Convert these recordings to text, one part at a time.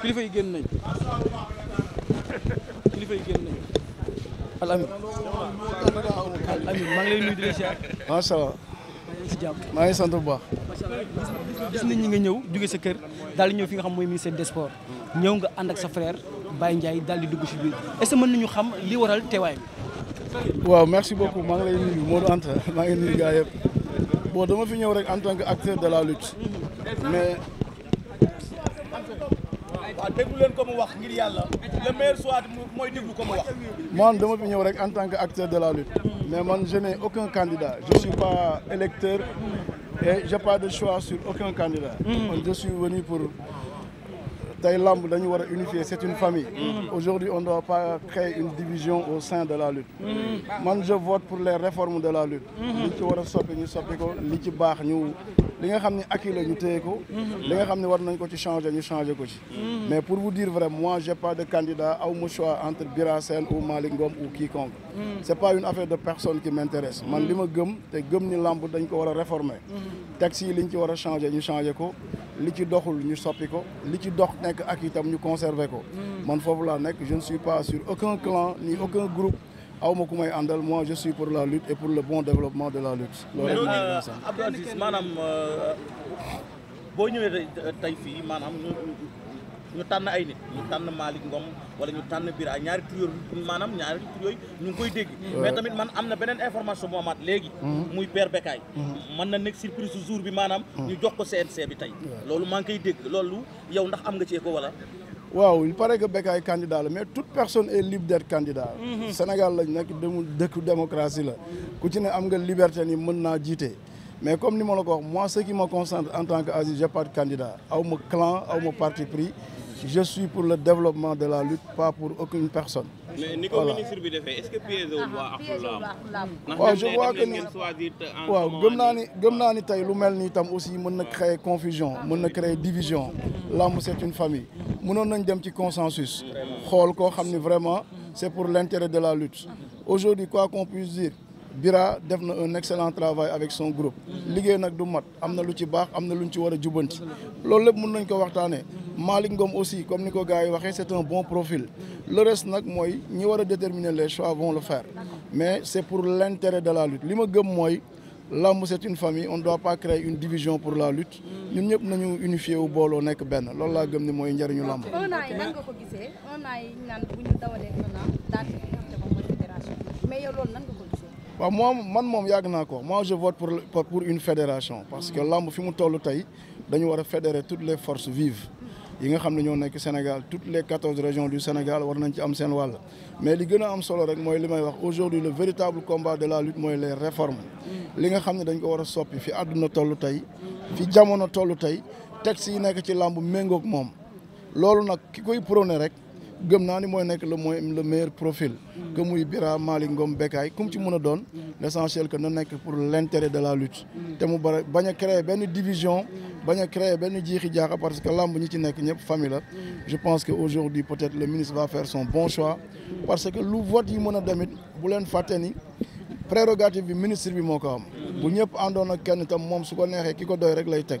kilifa yi génn nañ kilifa yi génn nañ al amin maa ngi lay nuyu di la siyaar macha si jàmm maa ngi sant bu baax gis nañ ñi nga ñëw juge sa kër daal di ñëw fi nga xam mooy ministère des sports ñëw nga ànd ak sa frère Baye Ndiaye daal di dugg si biir est-ce que mën nañu xam li waral teewaay bi waaw merci beaucoup maa ngi lay nuyu Modou Anta maa ngi nuyu gars yëpp bon dama fi ñëw rek en tant que acteur de la lutte mhm. mais waaw déglu leen ko mu wax ngir yàlla le meilleur soit mooy déglu ko wax. man dama fi ñëw rek en tant que acteur de la lutte. mais man je n'ai aucun candidat je suis pas électeur. et j'ai pas de choix sur aucun candidat. Mm-hmm. je suis venu pour. tey lamb dañu war a unifier c'est une famille. Mm-hmm. aujourd'hui on doit pas créer une division au sein de la lutte. Mm-hmm. man je vote pour les réformes de la lutte. li ci war soppi ñu soppi ko li ci baax ñu li nga xam ne acquis la ñu téye ko. li nga xam ne war nañ ko ci changer ñu changer ko ci. mais pour vous dire vraiment moi j'ai pas de candidat aw ma choix entre Bira Sène ou Malick Ngom ou quiconque. Mm. c'est pas une affaire de personne qui m'intéresse. man li ma gëm te gëm ni làmb dañ ko war a réformer. Mm. taxi yi ñu ci war a changer ñu changer ko. li ci doxul ñu soppi ko li ci dox nekk ak itam ñu conserver ko. Mm. man foofu laa nekk je ne suis pas sur aucun clan ni aucun aw ma ku may àndal moi je pour la lutte et pour le bon développement de la lutte. loolu moo sax Abdou Aziz maanaam euh, boo ñëwee euh, tey fii maanaam ñu ñu tànn ay nit ñu tànn Malick Ngom wala ñu tànn Bira ñaari tur yooyu maanaam ñaari tur ñu ngi koy dégg. mais tamit man am na beneen information bu amaat léegi. Mm-hmm. muy père Bekaay. Mm-hmm. mën na nekk surprise su jour bi maanaam. Mm-hmm. ñu jox ko CNC bi tey. loolu maa koy dégg loolu yow ndax am nga ci ko wala. waaw il paraît que Bécaye candidat la mais toute personne est libre d'être candidat mhm. Sénégal lañ nekk demul dëkk démocratie la ku ci ne am nga liberté ni mën naa jiite mais comme ni ma la ko wax moi ce qui me concentre en tant que Aziz j'ai pas de aw ma clan aw ma parti pris je suis pour le développement de la lutte pas pour aucune personne. mais ni bi defee waaw je vois waaw gëm naa ni gëm naa ni tey lu mel ni tam aussi mën na créé confusion ah. mën na créé division. lamb c'est une famille. mënoon nañ dem ci consensus. xool koo xam ni vraiment c'est pour l'intérêt de la lutte. aujourd'hui quoi qu'on puisse dire. Bira def na un excellent travail avec son groupe. liggéey nag du mat am na lu ci baax am na lu luñ ci war a jubanti. loolu lépp mën nañ ko waxtaanee. Malick ngoom aussi comme ni ko gars yi waxee c'est un bon profil le reste nag mooy ñi war a déterminer les choix vont le fair mais c'est pour l'intérêt de la lutte li ma gëm mooy lamb c'est une famille on ne doit pas créer une division pour la lutte mm. ñun ñëpp nañu unifié wu booloo nekk benn lool laa gëm ni mooy njëriñu lamb moom mais yow loolu nan nga ko gisee waaw man moom yàgg naa ko moi je vote pour pour une fédération parce que mm. làmb fi mu toll tey dañu war a fédérer toutes les forces vives yi nga xam ne ñoo nekk Sénégal toutes les quatorze régions du Sénégal war nañ ci am seen wàll mais li gën a am solo rek mooy li may wax aujourd'hui le véritable combat de la lutte mooy le réformes li nga xam ne dañ ko war a soppi fi àdduna toll tey fi jamono tollu tey texte yi nekk ci làmb méngoog moom loolu nag ki koy prôné rek gëm naa ni mooy nekk le mooy le meilleur profil que muy Bira Malick Ngom Bécaye kum ci mën a doon l'essentiel que na nekk pour l'intérêt de la lutte te mu bare bañ a créer benn division bañ a créer benn jiixi jaaxa parce que lamb ñi ci nekk ñëpp famille la je pense que aujourd'hui peut-être le ministre va faire son bon choix parce que lu vote yi mën a demit bu leen fàtte ni prérogative bi ministre bi moo ko am bu ñëpp àndoon ak kenn tam moom su ko neexee ki ko doy rek lay teg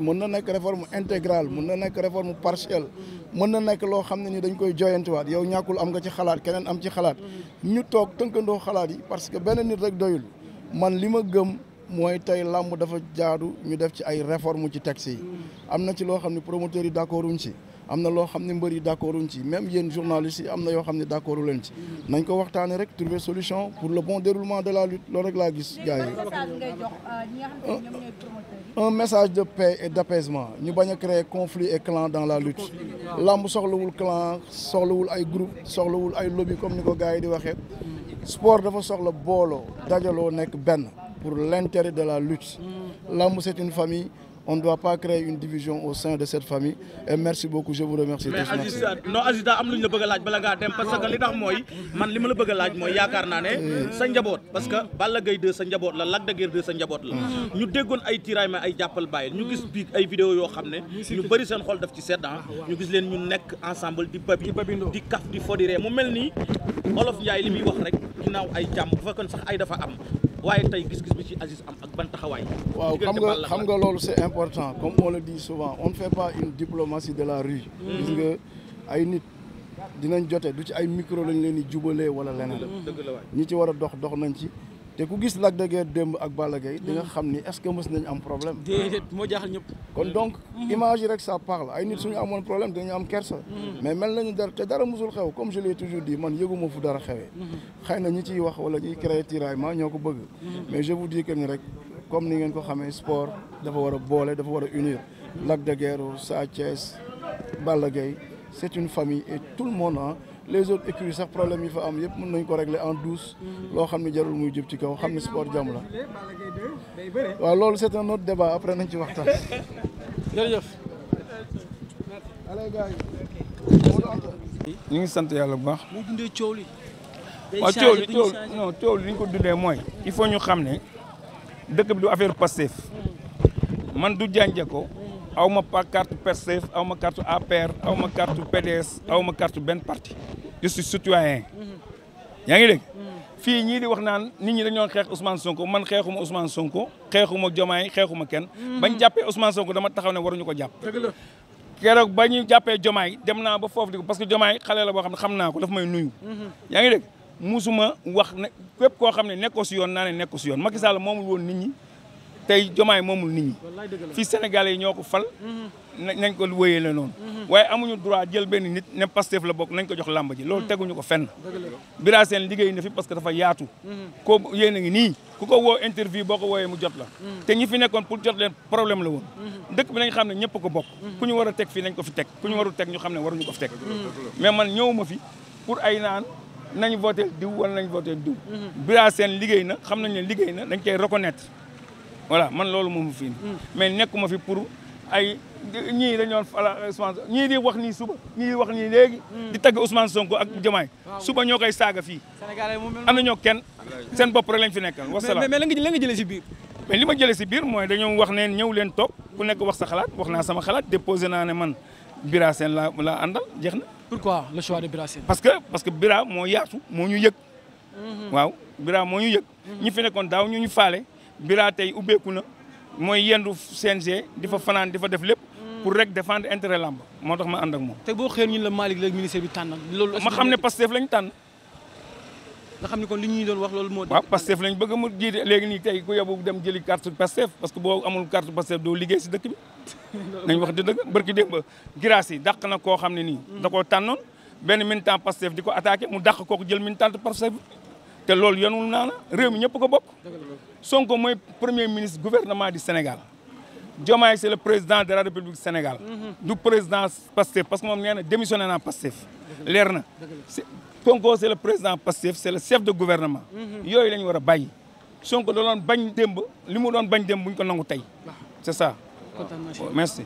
mën na nekk réforme intégrale mën na nekk réforme partielle mën na nekk loo xam ne ni dañ koy joyantiwaat yow ñàkkul am nga ci xalaat keneen am ci xalaat ñu toog tënkandoo xalaat yi parce que benn nit rek doyul man li ma gëm mooy tey làmb dafa jaadu ñu def ci ay réforme ci taxi yi am na ci loo xam ne promoteurs yi d'accord wuñ ci am na loo xam ne mbër yi d'accorduñ ci même yéen journalistes yi am na yoo xam ne d'accordu leen ci nañ ko waxtaanee rek trouver solution pour le bon déroulement de la lutte loolu rek laa gis gars yi euh, un message de paix et d'apaisement ñu bañ a créer conflit et clan dans la lutte lamb soxlawul clan soxlawul ay groupe soxlawul ay lobby comme ni ko gars yi di waxee sport dafa soxla booloo dajaloo nekk benn pour l'intérêt de la lutte lamb c'est une famille on ne doit pas créer une division au sein de cette famille et merci beaucoup je vous remercie. mais Aziz non Aziz daa am lu ñu la bëgg a laaj bala ngaa dem parce que li tax mooy man li ma la bëgg a laaj mooy yaakaar naa ne eh. sa njaboot parce que Balla Gaye 2 sa njaboot la Lac de Guiers 2 sa njaboot la. Hmm. ñu déggoon ay tiraay ma ay jàppal bàyyi ñu gis biig ay vidéo yoo xam ne ñu bëri seen xol daf ci sedd ah. ñu gis leen ñu nekk ensemble di babi di kaf di fo di ree mel nii olof li muy wax rek ginnaaw ay jàmm bu fekkoon sax ay dafa am. waaye tey gis-gis bi ci Aziz am ak ban taxawaay. waaw xam nga xam nga loolu c'est important comme on le dit souvent on ne fait pas une diplomatie de la rue. Hmm. gis nga ay nit dinañ jote du ci ay micro lañ leen di jubalee wala leneen. ñi ci war a dox dox nañ ci. te ku gis Lac de Guiers démb ak Balla Gaye nga xam ni est-ce que mës nañu am problème. déedéet moo jaaxal ñëpp. kon donc image rek sa parle ay nit su ñu amoon problème dinañu am kersa. mais mel nañu dara te dara musul xew comme je l'ai toujours dit man yëguma fu dara xewee. xëy na ñi ciy wax wala ñiy créer tiraillement ñoo ko bëgg. mais je vous dis que ni rek comme ni ngeen ko xamee sport dafa war a boole dafa war a unir. Lac de Guiers Sa Thiès Balla Gaye c'est une famille et tout le monde les autres écuries sax problème yi fa am yëpp mën nañ ko régler en douce. Mm-hmm. loo xam ne jarul muy jub ci kaw xam ne sport jàmm la. waaw loolu c'est un autre débat après nañ ci waxtaan. jërëjëf. ñu ngi sant yàlla bu baax. moo li. waaw li coow non ko dundee mooy. il faut ñu xam ne dëkk bi du affaire Pastef mm. man du jànje ko mm. aw ma carte Pastef aw ma carte APR aw ma carte PDS mm. aw ma carte benn parti. je suis citoyen yaa ngi dégg fii ñii di wax naan nit ñi dañoo xeex Ousmane Sonko man xeexuma usmaan Sonko xeexuma Diomaye xeexuma kenn bañ jàppee Ousmane Sonko dama taxaw ne war ñu ko jàpp keroog ba ñu jàppee Diomaye dem naa ba foofu di parce que Diomaye xale la boo xam ne xam naa ko dafa may nuyu yaa ngi dégg musuma wax ne képp koo xam ne nekkoo si yoon naa ne nekkoo si yoon Macky moom moomul woon nit ñi tey jomaa jomaay moomul nit ñi fii sénégalais yi ñoo ko fal mhm. nañ ko wéyee la noonu mhm. waaye amuñu droit jël benn nit ne Pastef la bokk nañ ko jox làmb ji loolu mhm. teguñu ko fenn Bira Sène liggéey na fi parce que dafa yaatu ko yéen a ngi nii ku ko woo interview boo ko wooyee mu jot la te ñi fi nekkoon pour jot leen problème la woon dëkk nañ xam ne ñëpp ko bokk ku ñu war a fii nañ ko fi teg ku ñu warul teg ñu xam ne waruñu ko fi mais man ñëwuma fi pour ay naan nañ voté diw wala nañ voté diw Bira Sène liggéey na xam nañ ne liggéey na dañ koy reconnaître voilà man loolu moom fii hmm. mais nekkuma fi pour ay ñii dañoon fala euh, Ousmane ñii di wax nii suba ñii di wax nii léegi. Hmm. di tagg Ousmane Sonko ak hmm. Diomaye. suba ñoo koy saaga fii. am na ñoo kenn seen bopp rek lañ fi nekka wasalaam. nga jëlee si biir. mais li jëlee si biir mooy dañoo wax ne ñëw leen toog ku nekk wax sa xalaat wax naa sama xalaat déposé naa ne man Bira Sène laa laa àndal jeex na. pourquoi le choix de Bira parce que parce que Bira moo yaatu moo ñu yëg. waaw biraa moo ñu yëg. ñi fi nekkoon daaw ñu ñu faale. Bira tey ubbeeku na mooy yendu CNG di fa fanaan di fa def lépp. pour rek défendre intérêt làmb moo tax ma ànd ak moom. te boo xëyee ñu la Malick léegi ministre bi tànn loolu. ma xam ne Pastef lañ tànn. nga xam ne kon li ñuy doon wax loolu moo. waaw Pastef lañ bëgg mu jiite léegi nii tey ku yóbbu dem jëli carte Pastef parce que boo amul carte Pastef doo liggéey si dëkk bi. nañ wax di dëgg barki démb grâce yi dàq na koo xam ne nii. da koo tànnoon benn militant Pastef di ko attaqué mu dàq kooku jël militante Pastef. te loolu yanul naa la réew mi ñëpp ko bokk Sonko mooy premier ministre gouvernement di Sénégal Diomaye c'est le président de la République Sénégal mhm. du président Pastef parce que moom nee na démissionné naa Pastef leer na Sonko c'est le président Pastef c'est le chef de gouvernement mhm. yooyu la ñu war a bàyyi Sonko da doon bañ démb li mu doon bañ démb bu ñu ko nangu tey c'est ça merci